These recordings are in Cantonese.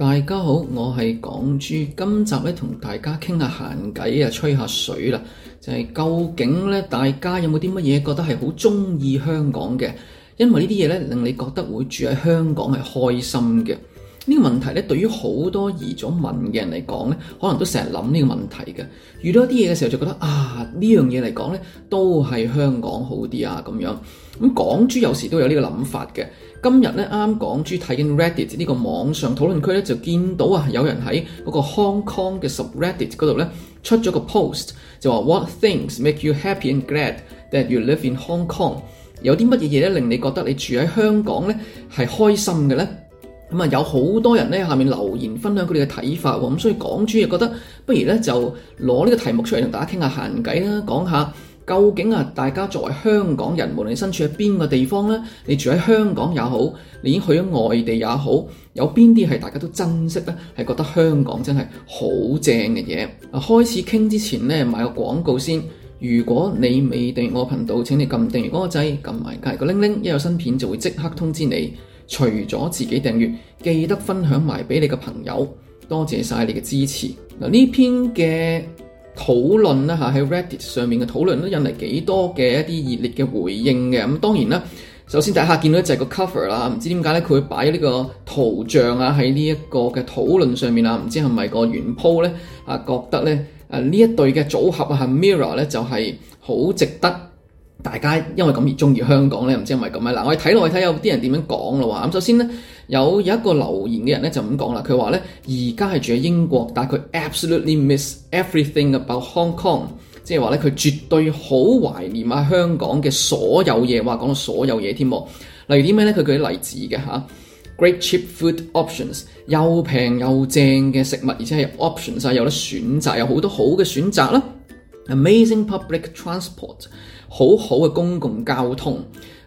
大家好，我係港豬。今集咧同大家傾下閒偈啊，吹下水啦。就係、是、究竟咧，大家有冇啲乜嘢覺得係好中意香港嘅？因為呢啲嘢咧令你覺得會住喺香港係開心嘅。呢、這個問題咧，對於好多移咗民嘅人嚟講咧，可能都成日諗呢個問題嘅。遇到一啲嘢嘅時候就覺得啊，呢樣嘢嚟講咧都係香港好啲啊咁樣。咁港豬有時都有呢個諗法嘅。今日咧啱啱港豬睇緊 Reddit 呢個網上討論區咧，就見到啊有人喺嗰個 Hong Kong 嘅 subreddit 嗰度咧出咗個 post，就話 What things make you happy and glad that you live in Hong Kong？有啲乜嘢嘢咧令你覺得你住喺香港咧係開心嘅咧？咁、嗯、啊有好多人咧下面留言分享佢哋嘅睇法喎，咁、嗯、所以港豬又覺得不如咧就攞呢個題目出嚟同大家傾下閒偈啦，講下。聊聊究竟啊，大家作為香港人，無論你身處喺邊個地方咧，你住喺香港也好，你已經去咗外地也好，有邊啲係大家都珍惜咧，係覺得香港真係好正嘅嘢。開始傾之前呢，賣個廣告先。如果你未訂閱我頻道，請你撳訂閱嗰個掣，撳埋隔個鈴鈴，一有新片就會即刻通知你。除咗自己訂閱，記得分享埋俾你嘅朋友。多謝晒你嘅支持。嗱，呢篇嘅。討論啦吓喺 Reddit 上面嘅討論都引嚟幾多嘅一啲熱烈嘅回應嘅。咁當然啦，首先第一下見到就係個 cover 啦，唔知點解咧佢會擺呢個圖像啊，喺呢一個嘅討論上面啊，唔知係咪個原 po 咧啊覺得咧，啊呢一對嘅組合啊係 Mirror 咧就係好值得大家因為咁熱中意香港咧，唔知係咪咁啊？嗱，我哋睇落去睇有啲人點樣講咯喎。咁首先咧。有有一個留言嘅人咧就咁講啦，佢話咧而家係住喺英國，但係佢 absolutely miss everything about Hong Kong，即係話咧佢絕對好懷念啊香港嘅所有嘢，話講到所有嘢添，例如啲咩咧？佢舉例子嘅吓，啊，great cheap food options 又平又正嘅食物，而且係 options 有得選擇，有好多好嘅選擇啦，amazing public transport 好好嘅公共交通。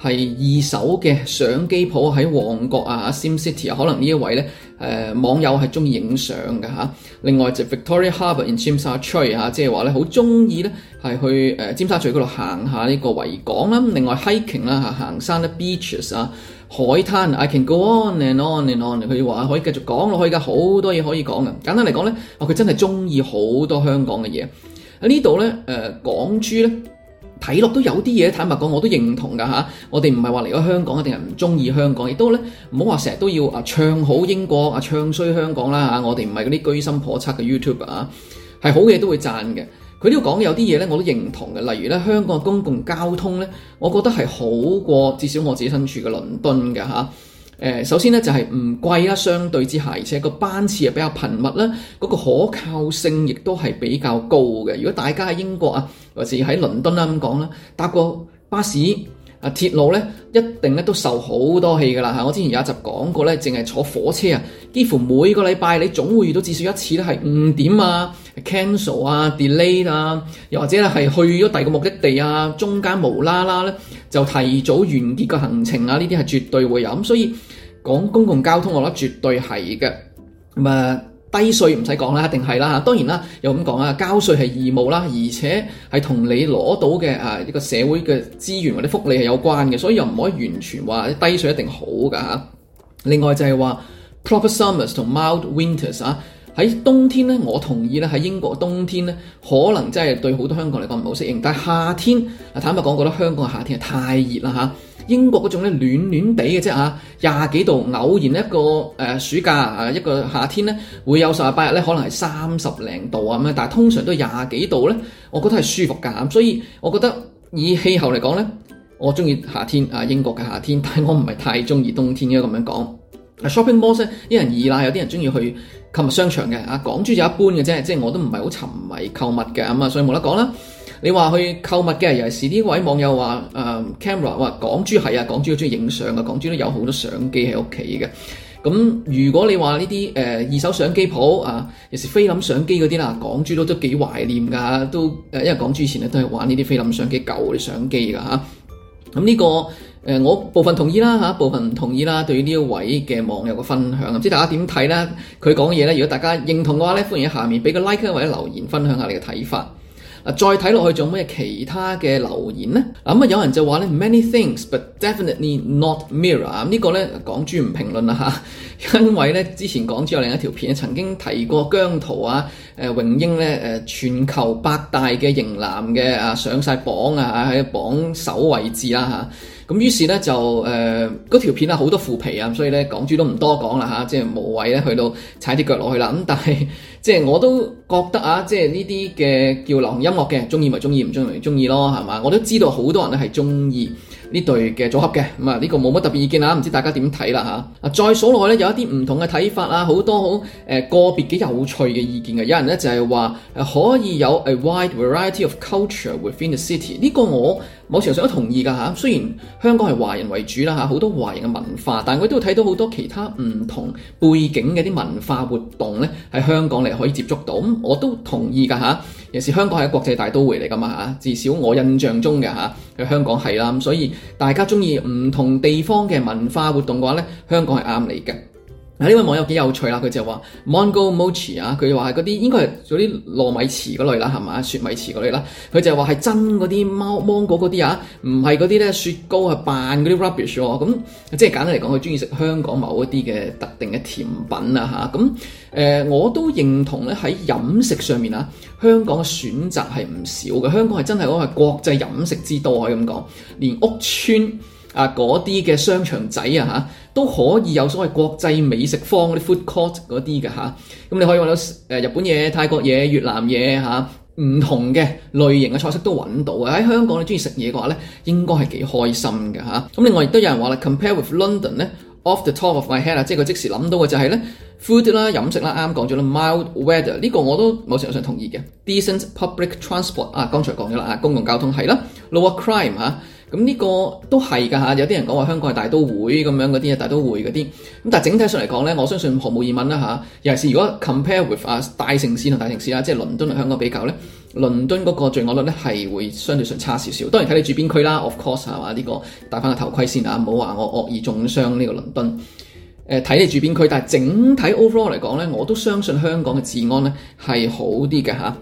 係二手嘅相機鋪喺旺角啊，Sim City 啊，可能呢一位咧誒、呃、網友係中意影相嘅嚇。另外就 Victoria Harbour in 尖沙咀嚇、啊，即係話咧好中意咧係去誒、呃、尖沙咀嗰度行下呢個維港啦、啊。另外 hiking 啦、啊、嚇，行山啦 beaches 啊，beaches，啊海灘。I can go on and on and on、啊。佢話可以繼續講落去㗎，好多嘢可以講嘅。簡單嚟講咧，哦、啊、佢真係中意好多香港嘅嘢喺呢度咧誒港豬咧。睇落都有啲嘢，坦白講我都認同噶嚇、啊。我哋唔係話嚟咗香港一定係唔中意香港，亦都咧唔好話成日都要啊唱好英國啊唱衰香港啦嚇、啊。我哋唔係嗰啲居心叵測嘅 YouTube 啊，係好嘢都會讚嘅。佢都要講有啲嘢呢，我都認同嘅，例如呢，香港嘅公共交通呢，我覺得係好過至少我自己身處嘅倫敦嘅嚇。啊。首先呢，就係唔貴啦，相對之下，而且個班次又比較頻密啦，嗰個可靠性亦都係比較高嘅。如果大家喺英國啊，或者喺倫敦啦，咁講啦，搭個巴士。啊，鐵路咧一定咧都受好多氣㗎喇吓！我之前有一集講過咧，淨係坐火車啊，幾乎每個禮拜你總會遇到至少一次咧，係誤點啊、cancel 啊、delay 啊，又或者咧係去咗第二個目的地啊，中間無啦啦咧就提早完結個行程啊，呢啲係絕對會有咁，所以講公共交通我覺得絕對係嘅咁啊。嗯低稅唔使講啦，一定係啦嚇。當然啦，又咁講啊，交稅係義務啦，而且係同你攞到嘅啊一個社會嘅資源或者福利係有關嘅，所以又唔可以完全話低稅一定好噶嚇，啊。另外就係話，proper summers 同 mild winters 啊，喺冬天呢，我同意咧喺英國冬天呢，可能真係對好多香港嚟講唔好適應，但係夏天啊坦白講，我覺得香港嘅夏天係太熱啦嚇。啊英國嗰種咧暖暖地嘅啫嚇，廿幾度，偶然一個誒暑假啊一個夏天咧，會有十八日咧，可能係三十零度啊咁樣，但係通常都係廿幾度咧，我覺得係舒服㗎，所以我覺得以氣候嚟講咧，我中意夏天啊英國嘅夏天，但係我唔係太中意冬天嘅咁樣講。shopping malls 咧，啲人二奶，有啲人中意去購物商場嘅。嗯、camera，啊，港豬就一般嘅啫，即係我都唔係好沉迷購物嘅咁啊，所以冇得講啦。你話去購物嘅，尤其是呢位網友話，誒 camera 話港豬係啊，港豬都中意影相啊。港豬都有好多相機喺屋企嘅。咁如果你話呢啲誒二手相機鋪啊，尤其是菲林相機嗰啲啦，港豬都都幾懷念㗎，都誒、呃、因為港豬以前咧都係玩呢啲菲林相機舊嘅相機㗎嚇。咁、啊、呢、呢個。誒、呃，我部分同意啦嚇、啊，部分唔同意啦。對於呢位嘅網友嘅分享，唔知大家點睇咧？佢講嘢呢，如果大家認同嘅話呢歡迎喺下面俾個 like 或者留言，分享下你嘅睇法。啊、再睇落去仲有咩其他嘅留言呢？咁啊、嗯，有人就話呢 many things but definitely not mirror。呢、啊這個呢，港豬唔評論啦嚇，因為呢，之前港豬有另一條片曾經提過姜濤啊、誒、呃、榮英呢，誒、呃、全球百大嘅型男嘅啊上晒榜啊喺、啊、榜首位置啦嚇。啊啊咁於是呢，就誒嗰、呃、條片好多腐皮啊，所以呢，港豬都唔多講啦嚇，即係無謂咧去到踩啲腳落去啦。咁但係即係我都覺得啊，即係呢啲嘅叫流行音樂嘅，中意咪中意，唔中意咪唔中意咯，係嘛？我都知道好多人咧係中意。呢對嘅組合嘅咁啊，呢個冇乜特別意見啦，唔知大家點睇啦嚇。啊，再數落去咧有一啲唔同嘅睇法啊，好多好誒個別幾有趣嘅意見嘅。有人咧就係話誒可以有 a wide variety of culture within the city。呢個我某程度上都同意㗎嚇。雖然香港係華人為主啦嚇，好多華人嘅文化，但係我都睇到好多其他唔同背景嘅啲文化活動咧喺香港嚟可以接觸到。咁我都同意㗎嚇，尤其是香港係一國際大都會嚟㗎嘛嚇。至少我印象中嘅嚇。香港係啦，所以大家中意唔同地方嘅文化活動嘅話，香港係啱你嘅。嗱，呢位網友幾有趣啦，佢就話 Mango Mochi 啊，佢就話嗰啲應該係嗰啲糯米糍嗰類啦，係嘛，雪米糍嗰類啦，佢就話係真嗰啲芒芒果嗰啲啊，唔係嗰啲咧雪糕扮 rubbish，啊扮嗰啲 rubbish 喎，咁即係簡單嚟講，佢中意食香港某一啲嘅特定嘅甜品啊嚇。咁誒、呃、我都認同咧，喺飲食上面啊，香港嘅選擇係唔少嘅，香港係真係我係國際飲食之都啊咁講，連屋邨……啊，嗰啲嘅商場仔啊，嚇都可以有所謂國際美食坊嗰啲 food court 嗰啲嘅嚇，咁、啊嗯、你可以揾到誒日本嘢、泰國嘢、越南嘢嚇，唔、啊、同嘅類型嘅菜式都揾到嘅。喺香港你中意食嘢嘅話咧，應該係幾開心嘅嚇。咁、啊、另外亦都有人話啦 compared with London 咧，off the top of my head 啊，即係佢即時諗到嘅就係咧，food 啦、飲食啦，啱啱講咗啦，mild weather，呢個我都某程度上同意嘅。decent public transport 啊，剛才講咗啦啊，公共交通係啦，lower crime 嚇、啊。咁呢個都係㗎嚇，有啲人講話香港係大都會咁樣嗰啲啊，大都會嗰啲。咁但係整體上嚟講咧，我相信毫無疑問啦嚇。尤其是如果 compare with 啊大城市同大城市啦，即係倫敦同香港比較咧，倫敦嗰個罪惡率咧係會相對上差少少。當然睇你住邊區啦，of course 係嘛？呢、呢個戴翻個頭盔先啊，唔好話我惡意中傷呢個倫敦。誒、呃，睇你住邊區，但係整體 overall 嚟講咧，我都相信香港嘅治安咧係好啲嘅嚇。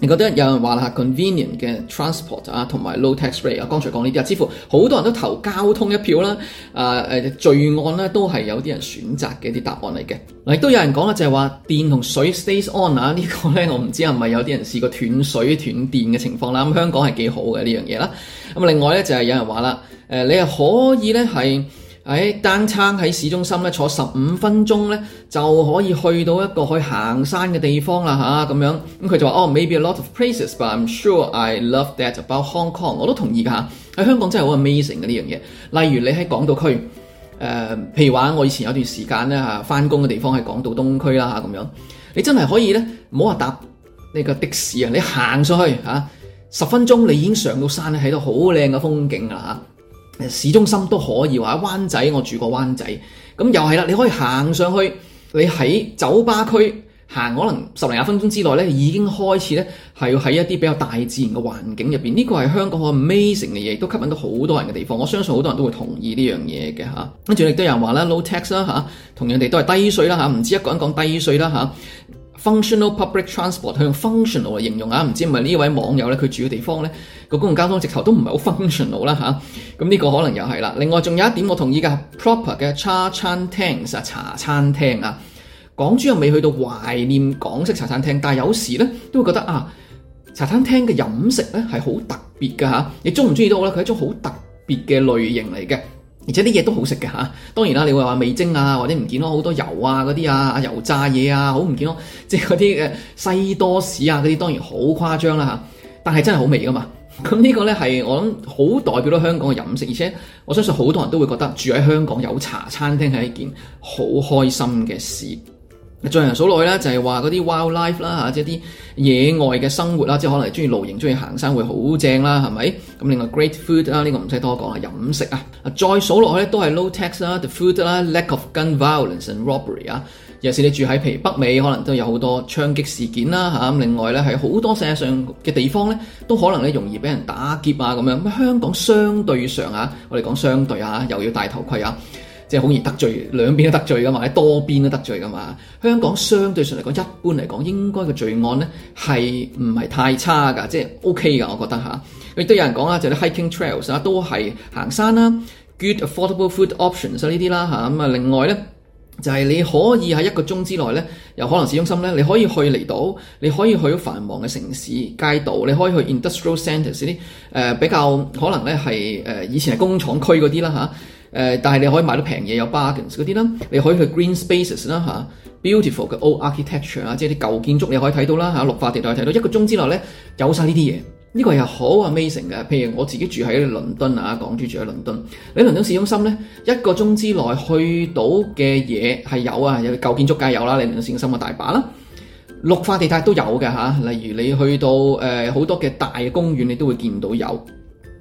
你覺得有人話啦，convenient 嘅 transport 啊，同埋 low tax rate 啊，剛才講呢啲啊，似乎好多人都投交通一票啦。誒、呃、誒，罪案咧都係有啲人選擇嘅啲答案嚟嘅。嗱，亦都有人講啦，就係、是、話電同水 stays on 啊，這個、呢個咧我唔知係咪有啲人試過斷水斷電嘅情況啦。咁、嗯、香港係幾好嘅呢樣嘢啦。咁另外咧就係、是、有人話啦，誒、呃、你係可以咧係。誒、哎、單撐喺市中心咧，坐十五分鐘咧，就可以去到一個可以行山嘅地方啦嚇，咁、啊、樣咁佢、嗯、就話哦、oh，maybe a lot of places，but I'm sure I love that about Hong Kong。我都同意噶嚇，喺、啊、香港真係好 amazing 嘅呢樣嘢。例如你喺港島區誒，譬如話我以前有段時間咧嚇，返工嘅地方喺港島東區啦嚇，咁、啊、樣你真係可以咧，唔好話搭呢個的、的士啊，你行上去嚇，十分鐘你已經上到山咧，睇到好靚嘅風景㗎嚇。啊市中心都可以，話灣仔，我住過灣仔，咁又係啦。你可以行上去，你喺酒吧區行，可能十零廿分鐘之內咧，已經開始呢，係喺一啲比較大自然嘅環境入邊。呢個係香港好 amazing 嘅嘢，亦都吸引到好多人嘅地方。我相信好多人都會同意呢樣嘢嘅嚇。跟住亦都有人話咧，low tax 啦嚇，x, 同樣地都係低稅啦嚇，唔知一個人講低稅啦嚇。functional public transport，佢用 functional 嚟形容啊，唔知唔係呢位網友咧，佢住嘅地方呢，個公共交通直頭都唔係好 functional 啦嚇。咁、啊、呢、呢個可能又係啦。另外仲有一點，我同意㗎 proper 嘅茶餐廳，茶餐廳啊。港珠又未去到懷念港式茶餐廳，但有時呢都會覺得啊，茶餐廳嘅飲食呢係好特別㗎嚇。你鍾唔鍾意都好啦，佢係一種好特別嘅類型嚟嘅。而且啲嘢都好食嘅嚇，當然啦，你會話味精啊，或者唔健康好多油啊嗰啲啊，油炸嘢啊，好唔健康。即係嗰啲誒西多士啊嗰啲，當然好誇張啦、啊、嚇，但係真係好味噶嘛，咁呢個呢，係我諗好代表咗香港嘅飲食，而且我相信好多人都會覺得住喺香港有茶餐廳係一件好開心嘅事。再數落去咧，就係話嗰啲 wildlife 啦嚇，即係啲野外嘅生活啦，即係可能係中意露營、中意行山會好正啦，係咪？咁另外 great food 啦，呢個唔使多講啦，飲食啊，再數落去咧都係 low tax 啦，the food 啦，lack of gun violence and robbery 啊，尤其是你住喺譬如北美，可能都有好多槍擊事件啦嚇。咁另外咧喺好多世界上嘅地方咧，都可能咧容易俾人打劫啊咁樣。咁香港相對上啊，我哋講相對啊，又要戴頭盔啊。即係好易得罪，兩邊都得罪噶嘛，多邊都得罪噶嘛。香港相對上嚟講，一般嚟講，應該個罪案呢係唔係太差㗎，即係 OK 㗎，我覺得吓，亦、啊、都有人講啦，就啲、是、hiking trails 啊，都係行山啦，good affordable food options 呢啲啦嚇。咁啊，另外呢，就係、是、你可以喺一個鐘之內呢，有可能市中心呢，你可以去離島，你可以去繁忙嘅城市街道，你可以去 industrial centres 啲誒、呃、比較可能呢係誒、呃、以前係工廠區嗰啲啦嚇。啊。誒，但係你可以買到平嘢，有 bargains 嗰啲啦。你可以去 green spaces 啦、啊，嚇，beautiful 嘅 old architecture 啊，即係啲舊建築，你可以睇到啦，嚇、啊，綠化地帶睇到一個鐘之內呢，有晒呢啲嘢。呢、這個係好 amazing 嘅。譬如我自己住喺倫敦啊，港豬住喺倫敦，你倫敦市中心呢，一個鐘之內去到嘅嘢係有啊，有舊建築梗係有啦，你倫敦市中心嘅大把啦，綠化地帶都有嘅嚇、啊。例如你去到誒好、呃、多嘅大公園，你都會見到有。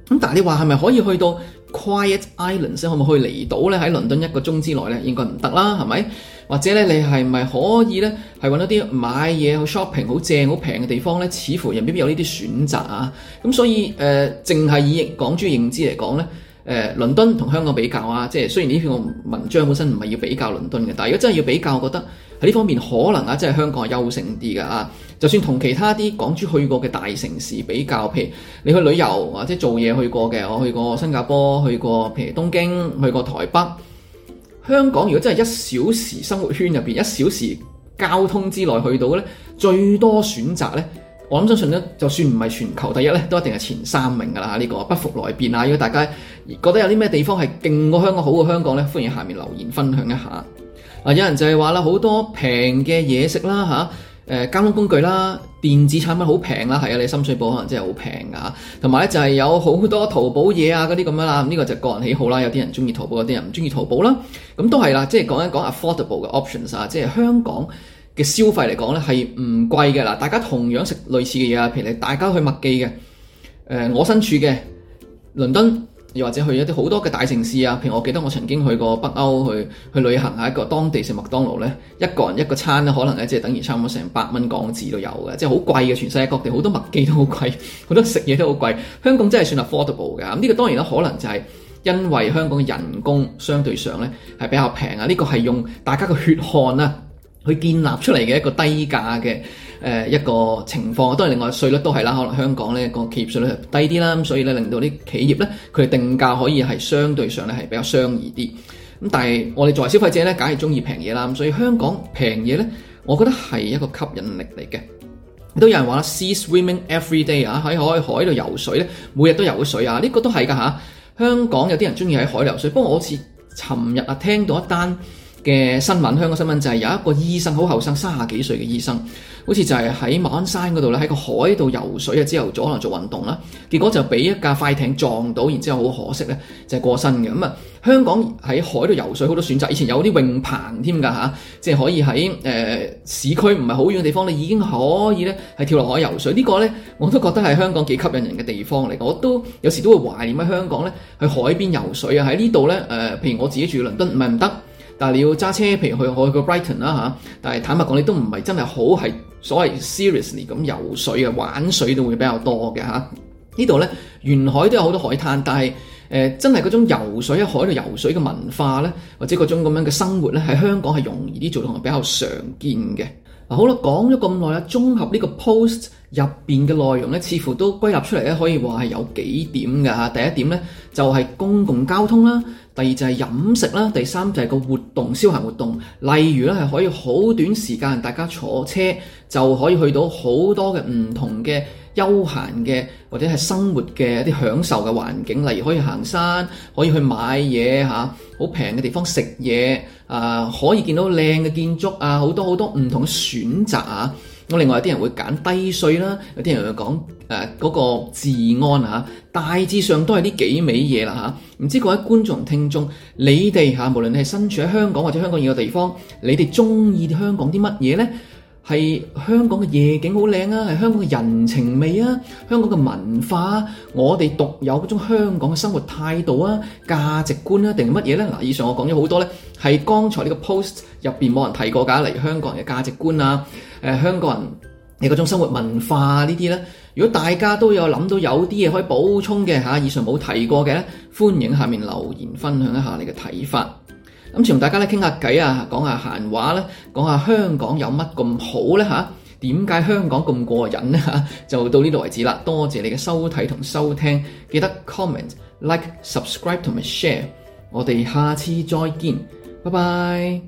咁但係你話係咪可以去到？Quiet Island，即可唔可以嚟到呢？喺倫敦一個鐘之內咧，應該唔得啦，係咪？或者呢，你係咪可以呢？係揾一啲買嘢好 shopping 好正好平嘅地方呢？似乎未必有呢啲選擇啊。咁所以誒，淨、呃、係以港豬認知嚟講呢，誒、呃，倫敦同香港比較啊，即係雖然呢篇文章本身唔係要比較倫敦嘅，但係如果真係要比較，我覺得。呢方面可能啊，即係香港係優勝啲嘅啊。就算同其他啲港豬去過嘅大城市比較，譬如你去旅遊或者做嘢去過嘅，我去過新加坡，去過譬如東京，去過台北。香港如果真係一小時生活圈入邊一小時交通之內去到嘅咧，最多選擇咧，我諗相信咧，就算唔係全球第一咧，都一定係前三名噶啦。呢個不服來辯啊！如果大家覺得有啲咩地方係勁過香港好過香港咧，歡迎下面留言分享一下。啊！有人就係話啦，好多平嘅嘢食啦嚇，誒交通工具啦，電子產品好平啦，係啊！你深水埗可能真係好平噶嚇，同埋咧就係有好多淘寶嘢啊嗰啲咁樣啦，呢、這個就個人喜好啦，有啲人中意淘寶，有啲人唔中意淘寶啦，咁、啊嗯、都係啦，即係講一講 affordable 嘅 options 啊，即係香港嘅消費嚟講咧係唔貴嘅嗱，大家同樣食類似嘅嘢啊，譬如你大家去麥記嘅，誒、呃、我身處嘅倫敦。又或者去一啲好多嘅大城市啊，譬如我記得我曾經去過北歐去去旅行，下一個當地食麥當勞呢，一個人一個餐呢，可能呢，即係等於差唔多成百蚊港紙都有嘅，即係好貴嘅。全世界各地好多麥記都好貴，好多食嘢都好貴。香港真係算係 affordable 嘅，咁、嗯、呢、呢個當然啦，可能就係因為香港嘅人工相對上呢係比較平啊，呢、呢個係用大家嘅血汗啊去建立出嚟嘅一個低價嘅。誒一個情況，都係另外稅率都係啦，可能香港呢個企業稅率低啲啦，咁所以咧令到啲企業呢，佢哋定價可以係相對上咧係比較相宜啲。咁但係我哋作為消費者呢，梗係中意平嘢啦。咁所以香港平嘢呢，我覺得係一個吸引力嚟嘅。都有人話啦，sea swimming every day 啊，喺海海度游水呢，每日都游水啊，呢個都係噶嚇。香港有啲人中意喺海游水，不過我好似尋日啊聽到一單嘅新聞，香港新聞就係有一個醫生，好後生，三十幾歲嘅醫生，好似就係喺馬鞍山嗰度咧，喺個海度游水啊。朝頭早可能做運動啦，結果就俾一架快艇撞到，然之後好可惜咧，就係、過身嘅咁啊。香港喺海度游水好多選擇，以前有啲泳棚添㗎嚇，即係可以喺誒、呃、市區唔係好遠嘅地方咧，你已經可以咧係跳落海游水。呢個、呢個咧我都覺得係香港幾吸引人嘅地方嚟。我都有時都會懷念喺香港咧去海邊游水啊。喺呢度咧誒，譬如我自己住倫敦，唔係唔得。但係你要揸車，譬如去去個 Brighton 啦嚇，但係坦白講，你都唔係真係好係所謂 seriously 咁游水嘅，玩水都會比較多嘅嚇。呢度咧，沿海都有好多海灘，但係誒、呃、真係嗰種游水喺海度游水嘅文化咧，或者嗰種咁樣嘅生活咧，喺香港係容易啲做同埋比較常見嘅。好啦，講咗咁耐啦，綜合呢個 post 入邊嘅內容呢，似乎都歸納出嚟呢，可以話係有幾點㗎吓。第一點呢，就係公共交通啦，第二就係飲食啦，第三就係個活動消閒活動，例如呢，係可以好短時間，大家坐車就可以去到好多嘅唔同嘅。休閒嘅或者係生活嘅一啲享受嘅環境，例如可以行山，可以去買嘢嚇，好平嘅地方食嘢，啊可以見到靚嘅建築啊，好多好多唔同嘅選擇啊。咁另外有啲人會揀低稅啦，有啲人會講誒嗰、啊嗰個治安嚇、啊，大致上都係呢幾味嘢啦嚇。唔、啊、知各位觀眾聽眾，你哋嚇、啊、無論你係身處喺香港或者香港以外嘅地方，你哋中意香港啲乜嘢呢？係香港嘅夜景好靚啊，係香港嘅人情味啊，香港嘅文化、啊，我哋獨有嗰種香港嘅生活態度啊、價值觀啊，定係乜嘢呢？嗱，以上我講咗好多呢，係剛才呢個 post 入邊冇人提過㗎、啊，例如香港人嘅價值觀啊、誒、呃、香港人你嗰種生活文化呢、啊、啲呢。如果大家都有諗到有啲嘢可以補充嘅嚇、啊，以上冇提過嘅，歡迎下面留言分享一下你嘅睇法。咁先同大家咧傾下偈啊，講下閒話啦，講下香港有乜咁好呢吓？點解香港咁過癮呢吓？就到呢度為止啦。多謝你嘅收睇同收聽，記得 comment、like、subscribe 同埋 share。我哋下次再見，拜拜。